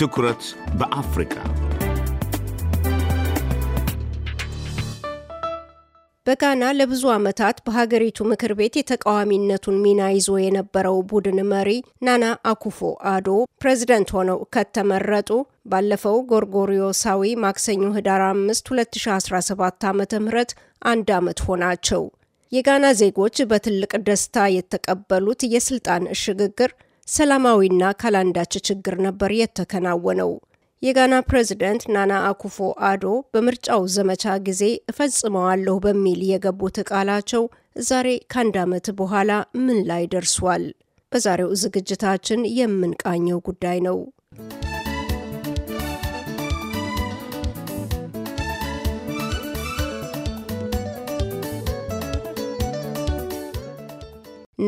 ትኩረት በአፍሪካ በጋና ለብዙ ዓመታት በሀገሪቱ ምክር ቤት የተቃዋሚነቱን ሚና ይዞ የነበረው ቡድን መሪ ናና አኩፎ አዶ ፕሬዝደንት ሆነው ከተመረጡ ባለፈው ጎርጎሪዮሳዊ ማክሰኞ ህዳር 5 2017 ዓ ም አንድ ዓመት ሆናቸው። የጋና ዜጎች በትልቅ ደስታ የተቀበሉት የስልጣን ሽግግር ሰላማዊና ካላንዳች ችግር ነበር የተከናወነው። የጋና ፕሬዝደንት ናና አኩፎ አዶ በምርጫው ዘመቻ ጊዜ እፈጽመዋለሁ በሚል የገቡት ቃላቸው ዛሬ ከአንድ ዓመት በኋላ ምን ላይ ደርሷል? በዛሬው ዝግጅታችን የምንቃኘው ጉዳይ ነው።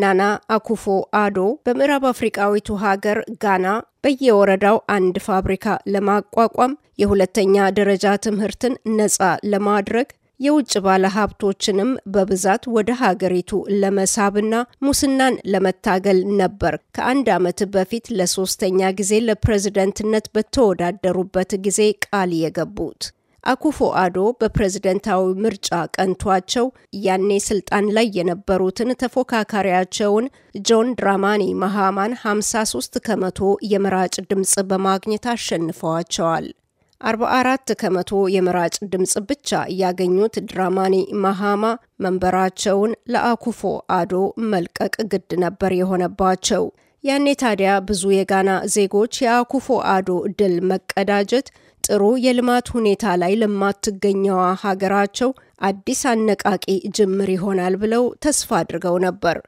ናና አኩፎ አዶ በምዕራብ አፍሪቃዊቱ ሀገር ጋና በየወረዳው አንድ ፋብሪካ ለማቋቋም የሁለተኛ ደረጃ ትምህርትን ነፃ ለማድረግ የውጭ ባለ ሀብቶችንም በብዛት ወደ ሀገሪቱ ለመሳብና ሙስናን ለመታገል ነበር። ከአንድ ዓመት በፊት ለሶስተኛ ጊዜ ለፕሬዝደንትነት በተወዳደሩበት ጊዜ ቃል የገቡት አኩፎ አዶ በፕሬዝደንታዊ ምርጫ ቀንቷቸው ያኔ ስልጣን ላይ የነበሩትን ተፎካካሪያቸውን ጆን ድራማኒ መሃማን 53 ከመቶ የመራጭ ድምፅ በማግኘት አሸንፈዋቸዋል። 44 ከመቶ የመራጭ ድምፅ ብቻ ያገኙት ድራማኒ መሃማ መንበራቸውን ለአኩፎ አዶ መልቀቅ ግድ ነበር የሆነባቸው። ያኔ ታዲያ ብዙ የጋና ዜጎች የአኩፎ አዶ ድል መቀዳጀት ጥሩ የልማት ሁኔታ ላይ ለማትገኘዋ ሀገራቸው አዲስ አነቃቂ ጅምር ይሆናል ብለው ተስፋ አድርገው ነበር።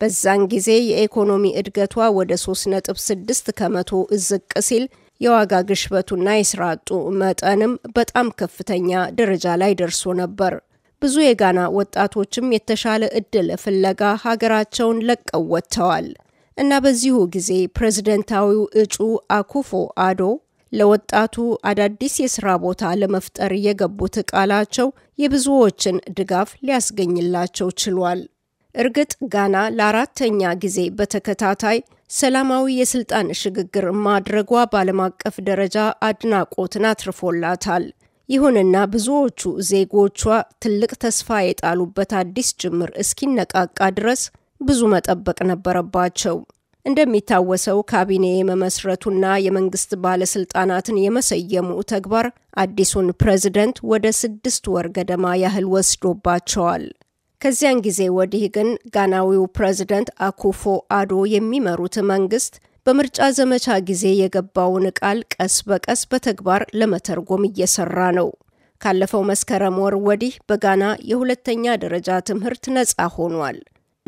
በዛን ጊዜ የኢኮኖሚ እድገቷ ወደ 3.6 ከመቶ ዝቅ ሲል የዋጋ ግሽበቱና የስራ አጡ መጠንም በጣም ከፍተኛ ደረጃ ላይ ደርሶ ነበር። ብዙ የጋና ወጣቶችም የተሻለ እድል ፍለጋ ሀገራቸውን ለቀው ወጥተዋል እና በዚሁ ጊዜ ፕሬዝደንታዊው እጩ አኩፎ አዶ ለወጣቱ አዳዲስ የስራ ቦታ ለመፍጠር የገቡት ቃላቸው የብዙዎችን ድጋፍ ሊያስገኝላቸው ችሏል። እርግጥ ጋና ለአራተኛ ጊዜ በተከታታይ ሰላማዊ የስልጣን ሽግግር ማድረጓ በዓለም አቀፍ ደረጃ አድናቆትን አትርፎላታል። ይሁንና ብዙዎቹ ዜጎቿ ትልቅ ተስፋ የጣሉበት አዲስ ጅምር እስኪነቃቃ ድረስ ብዙ መጠበቅ ነበረባቸው። እንደሚታወሰው ካቢኔ የመመስረቱና የመንግስት ባለስልጣናትን የመሰየሙ ተግባር አዲሱን ፕሬዝደንት ወደ ስድስት ወር ገደማ ያህል ወስዶባቸዋል። ከዚያን ጊዜ ወዲህ ግን ጋናዊው ፕሬዝደንት አኩፎ አዶ የሚመሩት መንግስት በምርጫ ዘመቻ ጊዜ የገባውን ቃል ቀስ በቀስ በተግባር ለመተርጎም እየሰራ ነው። ካለፈው መስከረም ወር ወዲህ በጋና የሁለተኛ ደረጃ ትምህርት ነጻ ሆኗል።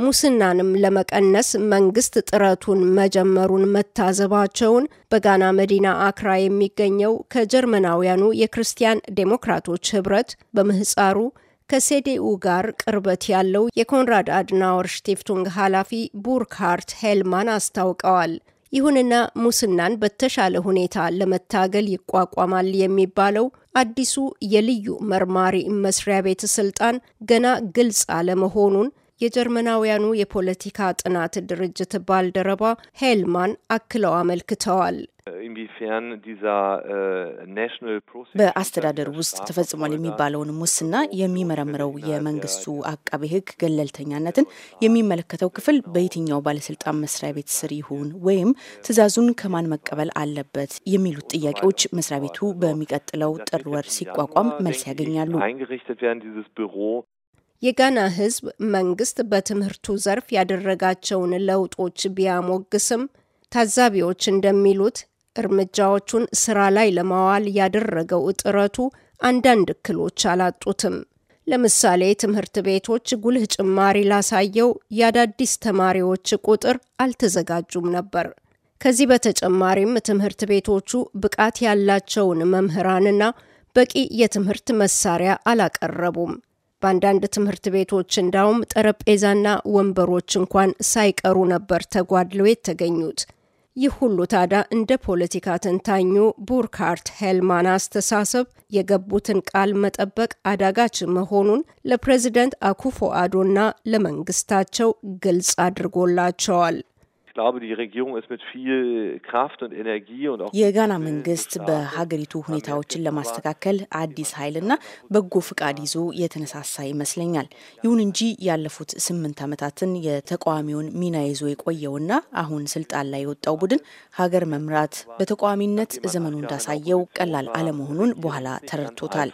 ሙስናንም ለመቀነስ መንግስት ጥረቱን መጀመሩን መታዘባቸውን በጋና መዲና አክራ የሚገኘው ከጀርመናውያኑ የክርስቲያን ዴሞክራቶች ህብረት በምህፃሩ ከሴዴኡ ጋር ቅርበት ያለው የኮንራድ አድናወር ሽቲፍቱንግ ኃላፊ ቡርክሃርት ሄልማን አስታውቀዋል። ይሁንና ሙስናን በተሻለ ሁኔታ ለመታገል ይቋቋማል የሚባለው አዲሱ የልዩ መርማሪ መስሪያ ቤት ስልጣን ገና ግልጽ አለመሆኑን የጀርመናውያኑ የፖለቲካ ጥናት ድርጅት ባልደረባ ሄልማን አክለው አመልክተዋል። äh, በአስተዳደር ውስጥ ተፈጽሟል የሚባለውን ሙስና የሚመረምረው የመንግስቱ አቃቤ ሕግ ገለልተኛነትን የሚመለከተው ክፍል በየትኛው ባለስልጣን መስሪያ ቤት ስር ይሁን ወይም ትዕዛዙን ከማን መቀበል አለበት የሚሉት ጥያቄዎች መስሪያ ቤቱ በሚቀጥለው ጥር ወር ሲቋቋም መልስ ያገኛሉ። የጋና ህዝብ መንግስት በትምህርቱ ዘርፍ ያደረጋቸውን ለውጦች ቢያሞግስም ታዛቢዎች እንደሚሉት እርምጃዎቹን ስራ ላይ ለማዋል ያደረገው ጥረቱ አንዳንድ እክሎች አላጡትም። ለምሳሌ ትምህርት ቤቶች ጉልህ ጭማሪ ላሳየው የአዳዲስ ተማሪዎች ቁጥር አልተዘጋጁም ነበር። ከዚህ በተጨማሪም ትምህርት ቤቶቹ ብቃት ያላቸውን መምህራንና በቂ የትምህርት መሳሪያ አላቀረቡም። በአንዳንድ ትምህርት ቤቶች እንዳውም ጠረጴዛና ወንበሮች እንኳን ሳይቀሩ ነበር ተጓድለው የተገኙት። ይህ ሁሉ ታዲያ እንደ ፖለቲካ ተንታኙ ቡርካርት ሄልማን አስተሳሰብ የገቡትን ቃል መጠበቅ አዳጋች መሆኑን ለፕሬዚደንት አኩፎ አዶና ለመንግስታቸው ግልጽ አድርጎላቸዋል። የጋና መንግስት በሀገሪቱ ሁኔታዎችን ለማስተካከል አዲስ ኃይልና በጎ ፍቃድ ይዞ የተነሳሳ ይመስለኛል። ይሁን እንጂ ያለፉት ስምንት ዓመታትን የተቃዋሚውን ሚና ይዞ የቆየውና አሁን ስልጣን ላይ የወጣው ቡድን ሀገር መምራት በተቃዋሚነት ዘመኑ እንዳሳየው ቀላል አለመሆኑን በኋላ ተረድቶታል።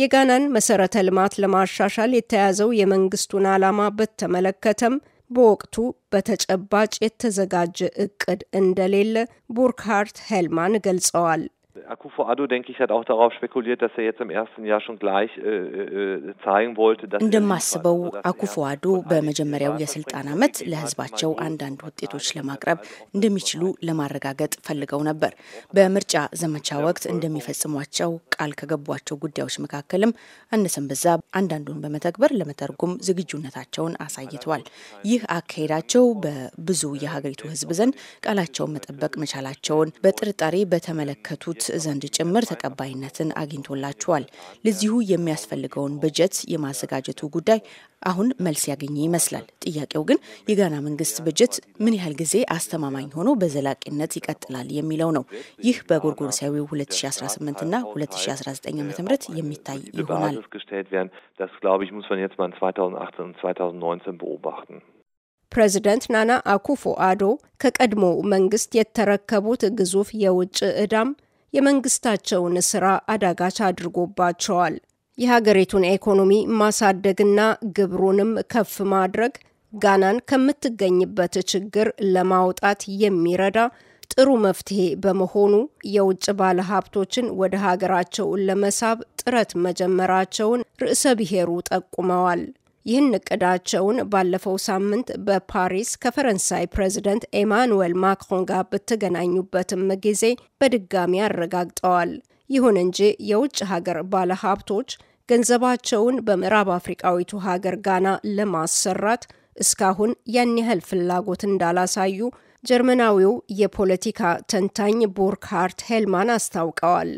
የጋናን መሰረተ ልማት ለማሻሻል የተያዘው የመንግስቱን ዓላማ በተመለከተም በወቅቱ በተጨባጭ የተዘጋጀ እቅድ እንደሌለ ቡርክሃርት ሄልማን ገልጸዋል። Akufo Addo, denke ich, hat auch darauf spekuliert, dass er jetzt im ersten Jahr schon gleich äh, äh, äh, zeigen wollte. እንደማስበው አኩፎ አዶ በመጀመሪያው የስልጣን ዓመት ለህዝባቸው አንዳንድ ውጤቶች ለማቅረብ እንደሚችሉ ለማረጋገጥ ፈልገው ነበር። በምርጫ ዘመቻ ወቅት እንደሚፈጽሟቸው ቃል ከገቧቸው ጉዳዮች መካከልም አነሰን በዛ አንዳንዱን በመተግበር ለመተርጎም ዝግጁነታቸውን አሳይተዋል። ይህ አካሄዳቸው በብዙ የሀገሪቱ ህዝብ ዘንድ ቃላቸውን መጠበቅ መቻላቸውን በጥርጣሬ በተመለከቱ። በሚመሩት ዘንድ ጭምር ተቀባይነትን አግኝቶላቸዋል። ለዚሁ የሚያስፈልገውን በጀት የማዘጋጀቱ ጉዳይ አሁን መልስ ያገኘ ይመስላል። ጥያቄው ግን የጋና መንግስት በጀት ምን ያህል ጊዜ አስተማማኝ ሆኖ በዘላቂነት ይቀጥላል የሚለው ነው። ይህ በጎርጎሮሳዊው 2018 ና 2019 ዓ ም የሚታይ ይሆናል። ፕሬዚደንት ናና አኩፎ አዶ ከቀድሞው መንግስት የተረከቡት ግዙፍ የውጭ ዕዳም የመንግስታቸውን ስራ አዳጋች አድርጎባቸዋል። የሀገሪቱን ኢኮኖሚ ማሳደግና ግብሩንም ከፍ ማድረግ ጋናን ከምትገኝበት ችግር ለማውጣት የሚረዳ ጥሩ መፍትሄ በመሆኑ የውጭ ባለሀብቶችን ወደ ሀገራቸው ለመሳብ ጥረት መጀመራቸውን ርዕሰ ብሔሩ ጠቁመዋል። ይህን እቅዳቸውን ባለፈው ሳምንት በፓሪስ ከፈረንሳይ ፕሬዚደንት ኤማኑዌል ማክሮን ጋር በተገናኙበትም ጊዜ በድጋሚ አረጋግጠዋል። ይሁን እንጂ የውጭ ሀገር ባለሀብቶች ገንዘባቸውን በምዕራብ አፍሪቃዊቱ ሀገር ጋና ለማሰራት እስካሁን ያን ያህል ፍላጎት እንዳላሳዩ ጀርመናዊው የፖለቲካ ተንታኝ ቡርክሃርት ሄልማን አስታውቀዋል።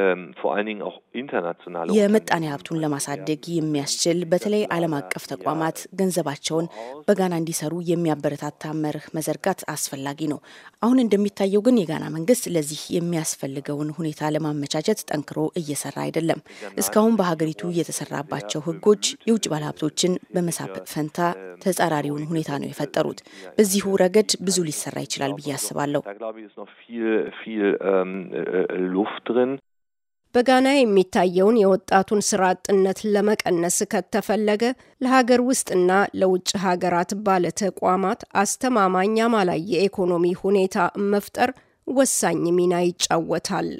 Ähm, የምጣኔ ሀብቱን ለማሳደግ የሚያስችል በተለይ ዓለም አቀፍ ተቋማት ገንዘባቸውን በጋና እንዲሰሩ የሚያበረታታ መርህ መዘርጋት አስፈላጊ ነው። አሁን እንደሚታየው ግን የጋና መንግስት ለዚህ የሚያስፈልገውን ሁኔታ ለማመቻቸት ጠንክሮ እየሰራ አይደለም። እስካሁን በሀገሪቱ የተሰራባቸው ህጎች የውጭ ባለሀብቶችን በመሳብ ፈንታ ተጻራሪውን ሁኔታ ነው የፈጠሩት። በዚሁ ረገድ ብዙ ሊሰራ ይችላል ብዬ አስባለሁ። በጋና የሚታየውን የወጣቱን ስራ አጥነት ለመቀነስ ከተፈለገ ለሀገር ውስጥና ለውጭ ሀገራት ባለ ተቋማት አስተማማኝ አማላይ የኢኮኖሚ ሁኔታ መፍጠር ወሳኝ ሚና ይጫወታል።